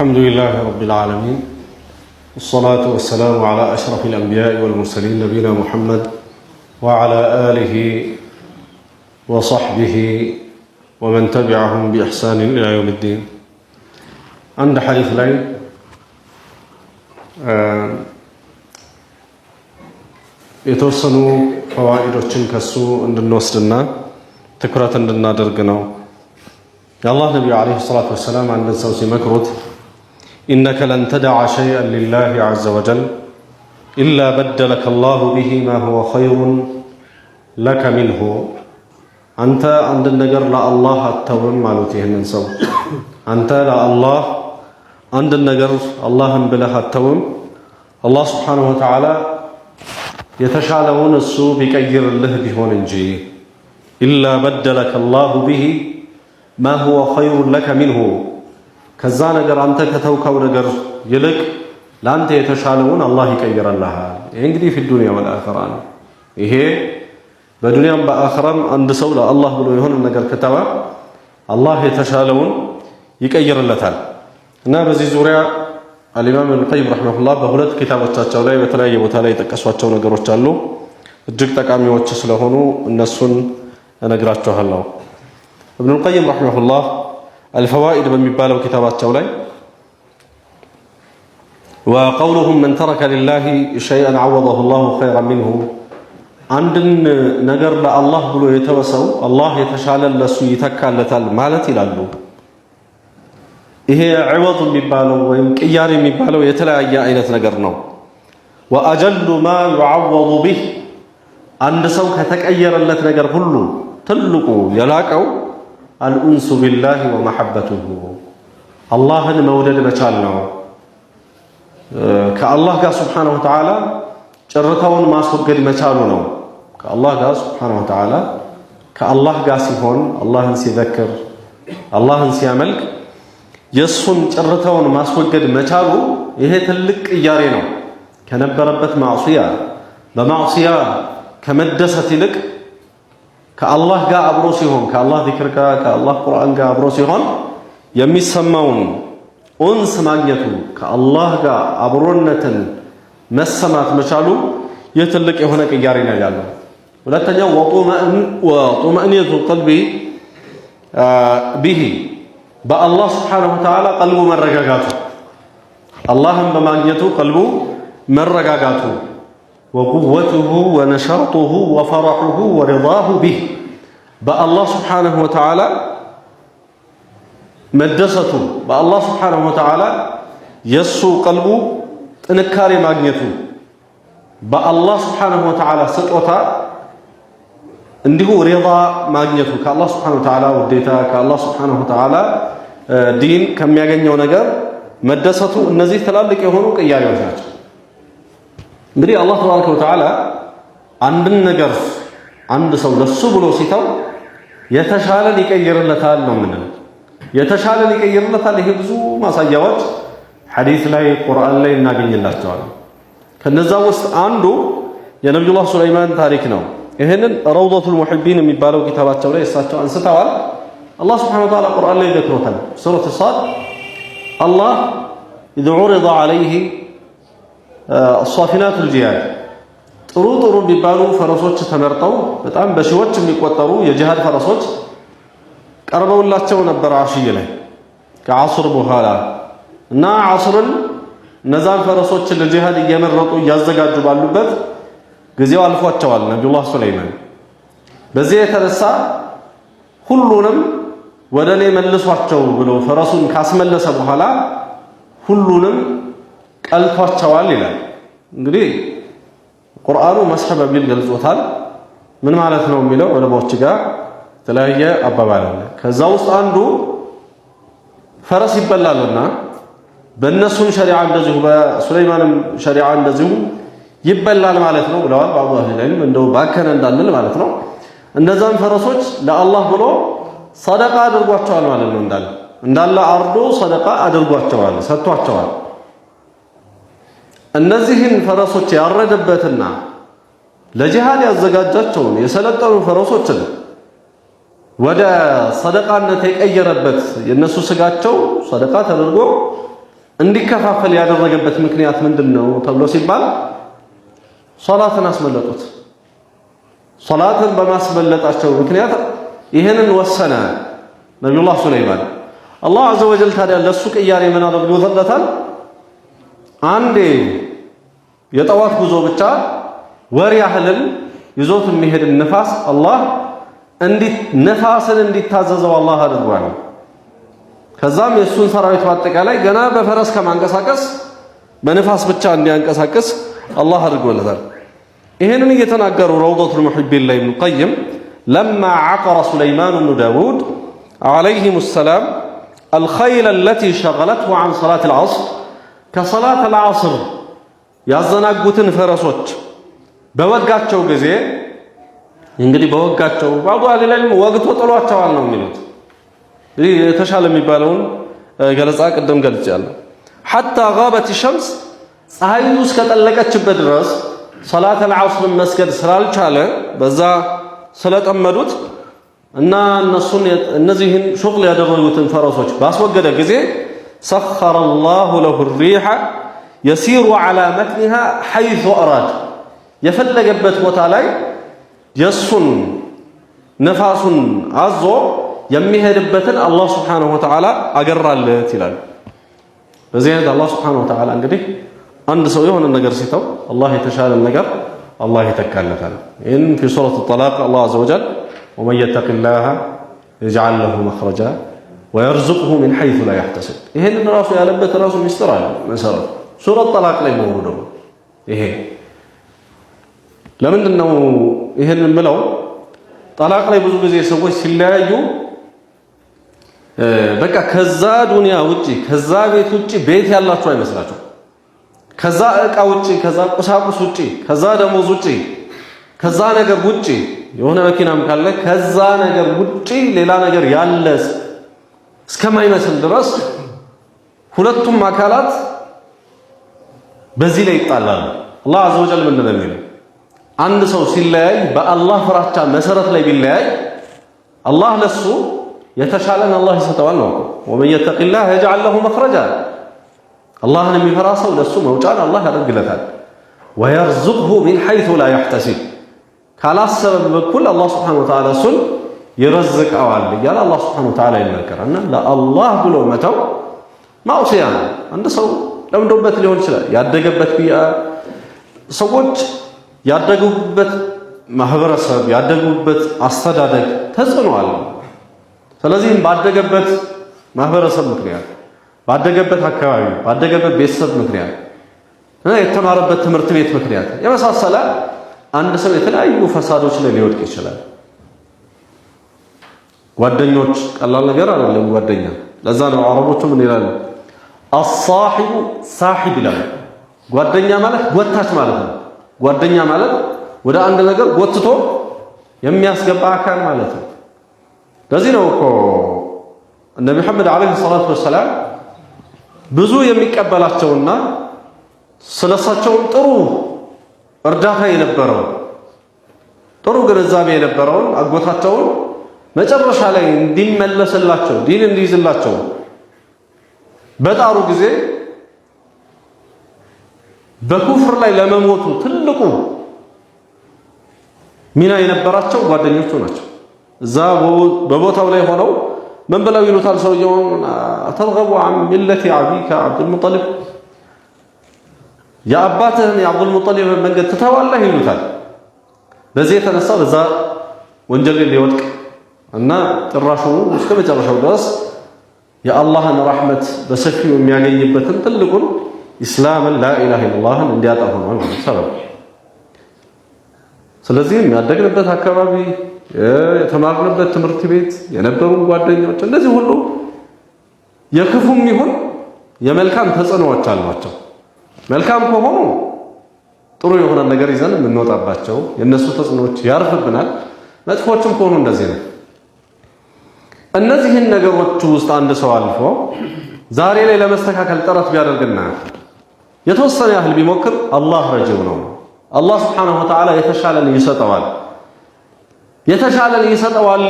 الحمد لله رب العالمين والصلاة والسلام على أشرف الأنبياء والمرسلين نبينا محمد وعلى آله وصحبه ومن تبعهم بإحسان إلى يوم الدين عند حديث لين آه، የተወሰኑ ፈዋኢዶችን ከሱ تكرة ትኩረት እንድናደርግ يا الله نبي عليه الصلاة والسلام عند ሰው مكروت إنك لن تدع شيئا لله عز وجل إلا بدلك الله به ما هو خير لك منه أنت عند النجر لا الله التوبة مالوتيه من سوء أنت لا الله عند النجر اللهم بله التوم الله سبحانه وتعالى السوء بكير الله به እንጂ إلا بدلك الله به ما هو خير لك منه ከዛ ነገር አንተ ከተውከው ነገር ይልቅ ለአንተ የተሻለውን አላህ ይቀይረልሃል። ይሄ እንግዲህ ፊ ዱንያ ወልአኺራ ነው። ይሄ በዱንያም በአኺራም አንድ ሰው ለአላህ ብሎ የሆነ ነገር ከተወ አላህ የተሻለውን ይቀይርለታል። እና በዚህ ዙሪያ አልኢማም ኢብኑ ቀይም ረሂመሁላህ በሁለት ኪታቦቻቸው ላይ በተለያየ ቦታ ላይ የጠቀሷቸው ነገሮች አሉ። እጅግ ጠቃሚዎች ስለሆኑ እነሱን እነግራችኋለሁ። ኢብኑ ቀይም ረሂመሁላህ አልፈዋኢድ በሚባለው ኪታባቸው ላይ ወቀውሉሁም መን ተረከ ሊላሂ ሸይአን ዓወደሁ ላሁ ኸይራን ሚንሁ አንድን ነገር ለአላህ ብሎ የተወሰው አላህ የተሻለ ለሱ ይተካለታል ማለት ይላሉ። ይሄ ዕወጥ የሚባለው ወይም ቅያሬ የሚባለው የተለያየ አይነት ነገር ነው። ወአጀሉ ማ ዩዓወዱ ቢህ አንድ ሰው ከተቀየረለት ነገር ሁሉ ትልቁ የላቀው አልኡንሱ ቢላሂ ወመሐበቱሁ አላህን መውደድ መቻል ነው። ከአላህ ጋር ስብሓነሁ ወተዓላ ጭርታውን ማስወገድ መቻሉ ነው። ከአላህ ጋር ስብሓነሁ ወተዓላ ከአላህ ጋር ሲሆን አላህን ሲዘክር አላህን ሲያመልክ የእሱን ጭርታውን ማስወገድ መቻሉ ይሄ ትልቅ ቅያሬ ነው። ከነበረበት ማዕስያ በማዕስያ ከመደሰት ይልቅ ከአላህ ጋር አብሮ ሲሆን ከአላህ ዚክር ጋር ከአላህ ቁርአን ጋር አብሮ ሲሆን የሚሰማውን ኡንስ ማግኘቱ ከአላህ ጋር አብሮነትን መሰማት መቻሉ ይህ ትልቅ የሆነ ቅያሬ ነው ያለው። ሁለተኛው ወጡመእኔቱ ቀልቢ ቢሂ በአላህ ስብሓነሁ ወተዓላ ቀልቡ መረጋጋቱ አላህን በማግኘቱ ቀልቡ መረጋጋቱ ወቁወቱሁ ወነሸጡሁ ወፈረሑሁ ወሪዳሁ ቢህ በአላህ ስብሓነሁ ወተዓላ መደሰቱ በአላህ ስብሓነሁ ወተዓላ የእሱ ቀልቡ ጥንካሬ ማግኘቱ በአላህ ስብሓነሁ ወተዓላ ስጦታ እንዲሁ ሪዳ ማግኘቱ ከአላህ ስብሓነሁ ወተዓላ ውዴታ ከአላህ ስብሓነሁ ወተዓላ ዲን ከሚያገኘው ነገር መደሰቱ እነዚህ ትላልቅ የሆኑ ቅያሜዎች ናቸው። እንግዲህ አላህ ተባረከ ወተዓላ አንድን ነገር አንድ ሰው ለሱ ብሎ ሲተው የተሻለን ይቀይርለታል ነው የምንለው። የተሻለን ይቀይርለታል። ይሄ ብዙ ማሳያዎች ሐዲስ ላይ ቁርአን ላይ እናገኝላቸዋለን። ከነዛ ውስጥ አንዱ የነቢዩላህ ሱለይማን ታሪክ ነው። ይህንን ረውዘቱል ሙሂቢን የሚባለው ኪታባቸው ላይ እሳቸው አንስተዋል። አላህ ስብሐነሁ ወተዓላ ቁርአን ላይ ይዘክሮታል። ሱረቱ ሳድ አላህ ኢዝ ዑሪደ አለይሂ አሷፊናቱል ጂሃድ ጥሩ ጥሩ የሚባሉ ፈረሶች ተመርጠው በጣም በሺዎች የሚቆጠሩ የጂሃድ ፈረሶች ቀርበውላቸው ነበር። አሽይ ላይ ከአሱር በኋላ እና አሱርን እነዛን ፈረሶች ለጂሃድ እየመረጡ እያዘጋጁ ባሉበት ጊዜው አልፏቸዋል። ነቢዩላህ ሱለይማን በዚህ የተነሳ ሁሉንም ወደ እኔ መልሷቸው ብሎ ፈረሱን ካስመለሰ በኋላ ሁሉንም ቀልቷቸዋል ይላል። እንግዲህ ቁርአኑ መስሕ በሚል ገልጾታል። ምን ማለት ነው የሚለው ዑለማዎች ጋር የተለያየ አባባል አለ። ከዛ ውስጥ አንዱ ፈረስ ይበላልና በእነሱም ሸሪዓ እንደዚሁ በሱለይማንም ሸሪዓ እንደዚሁ ይበላል ማለት ነው ብለዋል። በአቡ ላይም እንደው ባከነ እንዳንል ማለት ነው። እንደዛም ፈረሶች ለአላህ ብሎ ሰደቃ አድርጓቸዋል ማለት ነው። እንዳለ እንዳለ አርዶ ሰደቃ አድርጓቸዋል፣ ሰጥቷቸዋል እነዚህን ፈረሶች ያረደበትና ለጂሃድ ያዘጋጃቸውን የሰለጠኑ ፈረሶችን ወደ ሰደቃነት የቀየረበት የነሱ ስጋቸው ሰደቃ ተደርጎ እንዲከፋፈል ያደረገበት ምክንያት ምንድን ነው ተብሎ ሲባል ሶላትን አስመለጡት። ሶላትን በማስመለጣቸው ምክንያት ይህንን ወሰነ ነቢዩላህ ሱለይማን። አላህ አዘወጀል ታዲያ ለእሱ ቅያሬ ምን አድርጎለታል? አንዴ የጠዋት ጉዞ ብቻ ወር ያህልን ይዞት የሚሄድን ንፋስ አላህ ነፋስን እንዲታዘዘው አላህ አድርጓል። ከዛም የእሱን ሰራዊት በአጠቃላይ ገና በፈረስ ከማንቀሳቀስ በንፋስ ብቻ እንዲያንቀሳቅስ አላህ አድርጎለታል። ይህንን እየተናገሩ ረውደቱል ሙሒቢን ላይ ኢብኑል ቀይም ለማ ዓቀረ ሱለይማን ብኑ ዳውድ ዓለይሂሙ ሰላም አልኸይል አለቲ ሸገለትሁ ዐን ሰላቲል ዐስር ከሰላት አልዓስር ያዘናጉትን ፈረሶች በወጋቸው ጊዜ እንግዲህ በወጋቸው ባዱ አለላይም ወግቶ ጥሏቸዋል ነው የሚሉት። እንግዲህ የተሻለ የሚባለውን ገለጻ ቅድም ገልጫለሁ። ሐታ ጋበት ሸምስ ፀሐዩ እስከጠለቀችበት ድረስ ሰላት አልዓስርን መስገድ ስላልቻለ በዛ ስለጠመዱት እና እነሱን እነዚህን ሹቅል ያደረጉትን ፈረሶች ባስወገደ ጊዜ ሰኸረ ላሁ ለሁ ሪሐ የሲሩ ዐላ መትኒሃ ሐይሱ አራድ የፈለገበት ቦታ ላይ የእሱን ነፋሱን አዞ የሚሄድበትን አላህ ስብሓነሁ ወተዓላ አገራለት ይላል። በዚህ አይነት አላህ ስብሓነሁ ወተዓላ እንግዲህ አንድ ሰው የሆነ ነገር ሲተው አላህ የተሻለ ነገር አላህ ይተካለታል። ይህን ፊ ሱረት ጠላቅ አላህ አዘወጃል ወመን የተቂላህ የጅዓል ለሁ መኽረጃ ወየርዙቅሁ ሚን ሐይቱ ላ ያሕተስብ ይሄንን ራሱ ያለበት ራሱ ሚስጥር አለ መሰረቱ ሱረት ጠላቅ ላይ መሆኑ ደግሞ ይሄ ለምንድን ነው ይሄን ብለው ጠላቅ ላይ ብዙ ጊዜ ሰዎች ሲለያዩ በቃ ከዛ ዱንያ ውጪ ከዛ ቤት ውጪ ቤት ያላችሁ አይመስላችሁ ከዛ እቃ ውጪ ከዛ ቁሳቁስ ውጪ ከዛ ደሞዝ ውጪ ከዛ ነገር ውጪ የሆነ መኪናም ካለ ከዛ ነገር ውጪ ሌላ ነገር ያለ እስከማይመስል ድረስ ሁለቱም አካላት በዚህ ላይ ይጣላሉ። አላህ አዘወጀል ምን ነው አንድ ሰው ሲለያይ በአላህ ፍራቻ መሰረት ላይ ቢለያይ አላህ ለሱ የተሻለን አላህ ይሰጠዋል ነው። ወመን የተቂላህ የጅዐል ለሁ መኽረጃ አላህን የሚፈራ ሰው ለሱ መውጫን አላህ ያደርግለታል። ወየርዙቅሁ ሚን ሐይሱ ላ ያሕተሲብ ካላሰበ በኩል አላህ ሱብሓነሁ ወተዓላ እሱን ይረዝቀዋል እያለ አላህ ሱብሓነሁ ወተዓላ ይናገራል። ለአላህ ብሎ መተው ማውሲያ ነው። አንድ ሰው ለምዶበት ሊሆን ይችላል። ያደገበት ቢያ ሰዎች ያደጉበት ማህበረሰብ ያደጉበት አስተዳደግ ተጽዕኖ አለ። ስለዚህም ባደገበት ማህበረሰብ ምክንያት ባደገበት አካባቢ ባደገበት ቤተሰብ ምክንያት የተማረበት ትምህርት ቤት ምክንያት የመሳሰለ አንድ ሰው የተለያዩ ፈሳዶች ላይ ሊወድቅ ይችላል። ጓደኞች ቀላል ነገር አይደለም ጓደኛ። ለዛ ነው አረቦቹ ምን ይላሉ? አሳሂቡ ሳሂብ ይላሉ። ጓደኛ ማለት ጎታች ማለት ነው። ጓደኛ ማለት ወደ አንድ ነገር ጎትቶ የሚያስገባ አካል ማለት ነው። ለዚህ ነው እኮ ነቢ መሐመድ ዓለይሂ ሰላቱ ወሰላም ብዙ የሚቀበላቸውና ስለሳቸውም ጥሩ እርዳታ የነበረው ጥሩ ግንዛቤ የነበረውን አጎታቸውን መጨረሻ ላይ እንዲመለስላቸው ዲን እንዲይዝላቸው በጣሩ ጊዜ በኩፍር ላይ ለመሞቱ ትልቁ ሚና የነበራቸው ጓደኞቹ ናቸው። እዛ በቦታው ላይ ሆነው ምን ብለው ይሉታል ሰውየውን፣ ተርገቡ አን ሚለቲ አቢከ አብዱልሙጠሊብ፣ የአባትህን የአብዱልሙጠሊብ መንገድ ትተዋለህ ይሉታል። በዚህ የተነሳ በዛ ወንጀል ሊወድቅ እና ጭራሹኑ እስከ መጨረሻው ድረስ የአላህን ረህመት በሰፊው የሚያገኝበትን ትልቁን ኢስላምን ላኢላሃ ኢለላህን እንዲያጣ ሆኗል ማለት ሰበብ። ስለዚህ ያደግንበት አካባቢ፣ የተማርንበት ትምህርት ቤት፣ የነበሩን ጓደኞች እነዚህ ሁሉ የክፉም ይሁን የመልካም ተጽዕኖዎች አሏቸው። መልካም ከሆኑ ጥሩ የሆነ ነገር ይዘን የምንወጣባቸው የእነሱ ተጽዕኖዎች ያርፍብናል። መጥፎችም ከሆኑ እንደዚህ ነው። እነዚህን ነገሮች ውስጥ አንድ ሰው አልፎ ዛሬ ላይ ለመስተካከል ጥረት ቢያደርግና የተወሰነ ያህል ቢሞክር አላህ ረጅም ነው። አላህ ስብሓነሁ ወተዓላ የተሻለን ይሰጠዋል። የተሻለን ይሰጠዋል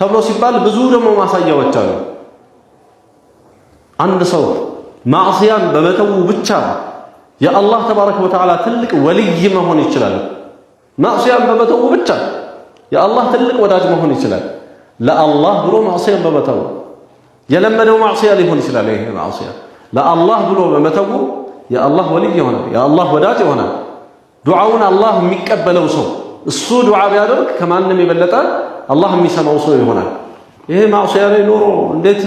ተብሎ ሲባል ብዙ ደግሞ ማሳያዎች አሉ። አንድ ሰው ማዕስያን በመተው ብቻ የአላህ ተባረከ ወተዓላ ትልቅ ወልይ መሆን ይችላል። ማዕስያን በመተው ብቻ የአላህ ትልቅ ወዳጅ መሆን ይችላል። ለአላህ ብሎ ማዕስያን በመተው የለመደው ማዕሲያ ሊሆን ይችላል። ይሄ ማዕስያ ለአላህ ብሎ በመተው የአላህ ወልይ የሆነ የአላህ ወዳጅ የሆነ ዱዓውን አላህ የሚቀበለው ሰው እሱ ዱዓ ቢያደርግ ከማንም የበለጠ አላህ የሚሰማው ሰው ይሆናል። ይሄ ማዕስያ ላይ ኖሮ እንዴት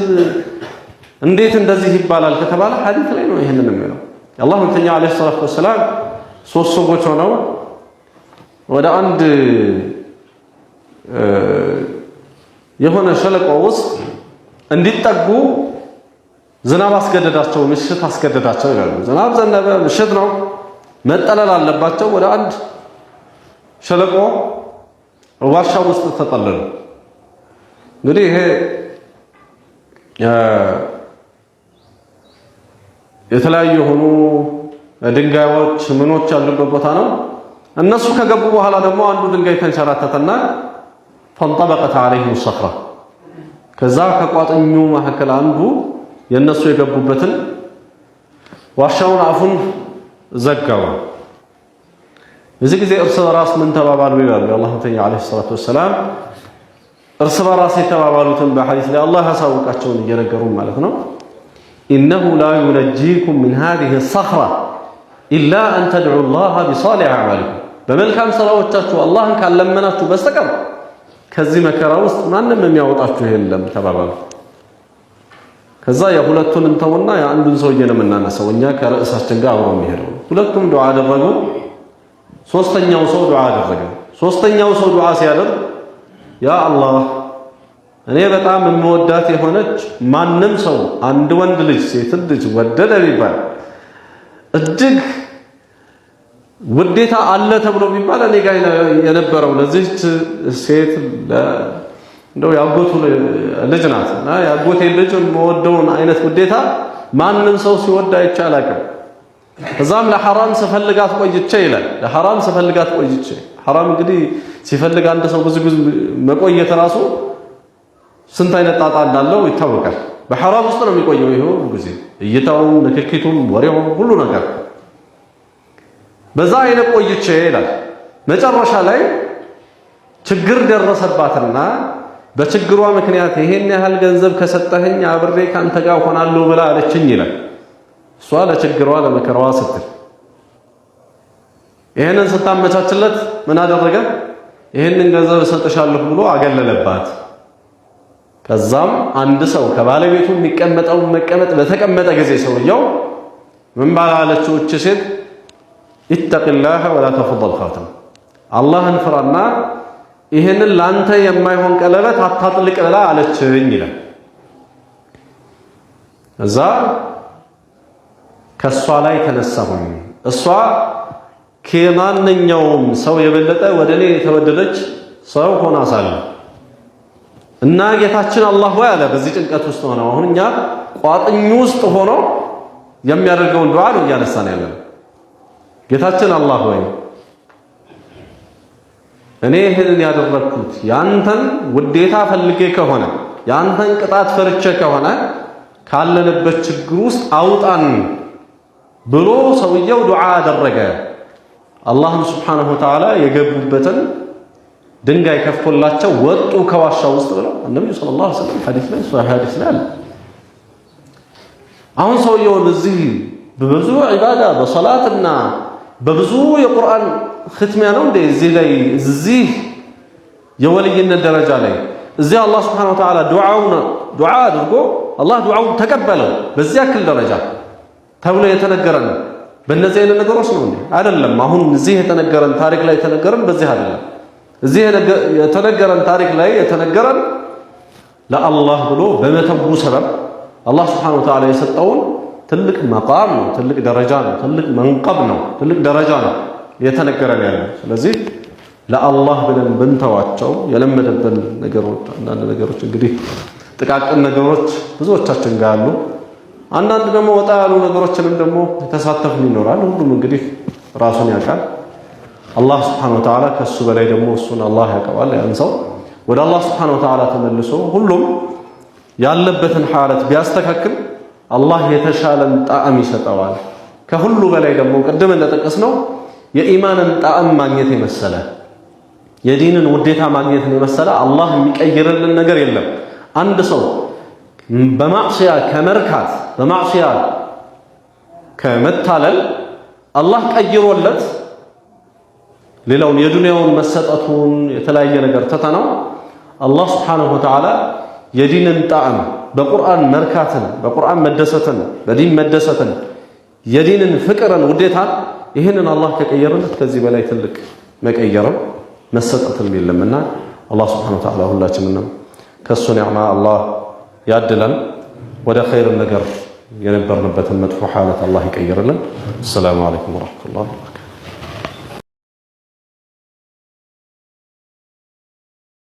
እንዴት እንደዚህ ይባላል ከተባለ ሐዲስ ላይ ነው ይሄንን የሚለው የአላህ መልእክተኛ ዓለይሂ ሰላቱ ወሰላም ሶስት ሰዎች ሆነው ወደ አንድ የሆነ ሸለቆ ውስጥ እንዲጠጉ ዝናብ አስገደዳቸው፣ ምሽት አስገደዳቸው ይላሉ። ዝናብ ዘነበ፣ ምሽት ነው፣ መጠለል አለባቸው። ወደ አንድ ሸለቆ ዋሻ ውስጥ ተጠለሉ። እንግዲህ ይሄ የተለያዩ የሆኑ ድንጋዮች ምኖች ያሉበት ቦታ ነው። እነሱ ከገቡ በኋላ ደግሞ አንዱ ድንጋይ ተንሸራተተና ፈንጠበቀት አለይሂም ሰኽራ ከዛ ከቋጥኙ መካከል አንዱ የእነሱ የገቡበትን ዋሻውን አፉን ዘጋው። እዚህ ጊዜ እርስ በራስ ምን ተባባሉ ይላሉ የአላህ መልእክተኛ ዓለይሂ ሰላቱ ወሰላም። እርስ በራስ የተባባሉትን በሐዲስ ላይ አላህ ያሳውቃቸውን እየነገሩ ማለት ነው። ኢነሁ ላ ዩነጂኩም ሚን ሃዚሂ ሰኽራ ኢላ አን ተድዑ አላህ ቢሷሊሕ አዕማሊኩም፣ በመልካም ስራዎቻችሁ አላህን ካለመናችሁ በስተቀር ከዚህ መከራ ውስጥ ማንም የሚያወጣችሁ የለም ተባባሉ። ከዛ የሁለቱን እንተውና የአንዱን ሰውዬ ነው የምናነሳው እኛ ከርዕሳችን ጋር አብሮ የሚሄደው። ሁለቱም ዱዓ አደረጉ። ሶስተኛው ሰው ዱዓ አደረገ። ሶስተኛው ሰው ዱዓ ሲያደርግ ያ አላህ እኔ በጣም የምወዳት የሆነች ማንም ሰው አንድ ወንድ ልጅ ሴት ልጅ ወደደ ቢባል እጅግ ውዴታ አለ ተብሎ የሚባል እኔ ጋር የነበረው ለዚህች ሴት እንደው ያጎቱ ልጅ ናት እና ያጎቴ ልጅ መወደውን አይነት ውዴታ ማንም ሰው ሲወድ አይቼ አላውቅም። ከዛም ለሐራም ስፈልጋት ቆይቼ ይላል። ለሐራም ስፈልጋት ቆይቼ ሐራም እንግዲህ ሲፈልግ አንድ ሰው ብዙ ብዙ መቆየት ራሱ ስንት አይነት ጣጣ እንዳለው ይታወቃል። በሐራም ውስጥ ነው የሚቆየው ይሄው ጊዜ እይታውም፣ ንክኪቱም፣ ወሬውም ሁሉ ነገር በዛ አይነት ቆይቼ ይላል። መጨረሻ ላይ ችግር ደረሰባትና በችግሯ ምክንያት ይሄን ያህል ገንዘብ ከሰጠኸኝ አብሬ ካንተ ጋር ሆናለሁ ብላ አለችኝ ይላል። እሷ ለችግሯ ለመከራዋ ስትል ይሄንን ስታመቻችለት ምን አደረገ? ይሄንን ገንዘብ እሰጥሻለሁ ብሎ አገለለባት። ከዛም አንድ ሰው ከባለቤቱ የሚቀመጠውን መቀመጥ በተቀመጠ ጊዜ ሰውየው ምን ባላለችው እች ሴት ኢተቅላህ ወላ ተፉደል ኻተም አላህን ፍራና ይህንን ለአንተ የማይሆን ቀለበት አታጥልቅ ብላ አለችኝ ይላል። እዛ ከእሷ ላይ ተነሳሁኝ። እሷ ከማንኛውም ሰው የበለጠ ወደ እኔ የተወደደች ሰው ሆና ሳለ እና ጌታችን አላህ ወይ አለ። በዚህ ጭንቀት ውስጥ ሆነው አሁን እኛ ቋጥኝ ውስጥ ሆኖ የሚያደርገውን ዱዓ ነው እያነሳን ያለነው። ጌታችን አላህ ሆይ እኔ ይህንን ያደረግኩት የአንተን ውዴታ ፈልጌ ከሆነ የአንተን ቅጣት ፈርቼ ከሆነ ካለንበት ችግር ውስጥ አውጣን ብሎ ሰውየው ዱዓ አደረገ። አላህም ስብሓነሁ ወተዓላ የገቡበትን ድንጋይ ከፍቶላቸው ወጡ ከዋሻ ውስጥ ብለው ነብዩ ሰለላሁ ዐለይሂ ወሰለም ሐዲስ ላይ ሶሒህ ሐዲስ ላይ አለ። አሁን ሰውየውን እዚህ በብዙ ዒባዳ በሰላትና በብዙ የቁርአን ኽትሚያ ነው እንዴ እዚህ ላይ እዚህ የወልይነት ደረጃ ላይ እዚህ አላህ Subhanahu Wa ዱዓውን ዱዓ አድርጎ አላህ ዱዓውን ተቀበለው በዚህ ያክል ደረጃ ተብሎ የተነገረን በእነዚህ አይነት ነገሮች ነው እንዴ? አይደለም። አሁን እዚህ የተነገረን ታሪክ ላይ የተነገረን በዚህ አይደለም። እዚህ የተነገረን ታሪክ ላይ የተነገረን ለአላህ ብሎ በመተው ሰበብ አላህ Subhanahu Wa የሰጠውን ትልቅ መቃም ነው፣ ትልቅ ደረጃ ነው፣ ትልቅ መንቀብ ነው፣ ትልቅ ደረጃ ነው እየተነገረን ያለው። ስለዚህ ለአላህ ብለን ብንተዋቸው የለመደብን ነገሮች አንዳንድ ነገሮች እንግዲህ ጥቃቅን ነገሮች ብዙዎቻችን ጋር አሉ። አንዳንድ ደግሞ ወጣ ያሉ ነገሮችንም ደግሞ የተሳተፍን ይኖራል። ሁሉም እንግዲህ ራሱን ያውቃል። አላህ ስብሐነሁ ወተዓላ ከሱ በላይ ደግሞ እሱን አላህ ያውቀዋል። ያን ሰው ወደ አላህ ስብሐነሁ ወተዓላ ተመልሶ ሁሉም ያለበትን ሐለት ቢያስተካክል አላህ የተሻለን ጣዕም ይሰጠዋል። ከሁሉ በላይ ደግሞ ቅድም እንደጠቀስነው የኢማንን ጣዕም ማግኘት የመሰለ የዲንን ውዴታ ማግኘት የመሰለ አላህ የሚቀይርልን ነገር የለም። አንድ ሰው በማዕስያ ከመርካት በማዕስያ ከመታለል አላህ ቀይሮለት ሌላውን የዱንያውን መሰጠቱን የተለያየ ነገር ተተናው አላህ ስብሓነሁ ወተዓላ የዲንን ጣዕም በቁርአን መርካትን፣ በቁርአን መደሰትን፣ በዲን መደሰትን፣ የዲንን ፍቅርን፣ ውዴታን ይህንን አላህ ከቀየርን ከዚህ በላይ ትልቅ መቀየርም መሰጠትም የለምና አላህ ስብሓነሁ ወተዓላ ሁላችንንም ከእሱ ኒዕማ አላህ ያድለን። ወደ ኸይር ነገር የነበርንበትን መጥፎ ሐለት አላህ ይቀይርልን። አሰላሙ አለይኩም ወረሕመቱላህ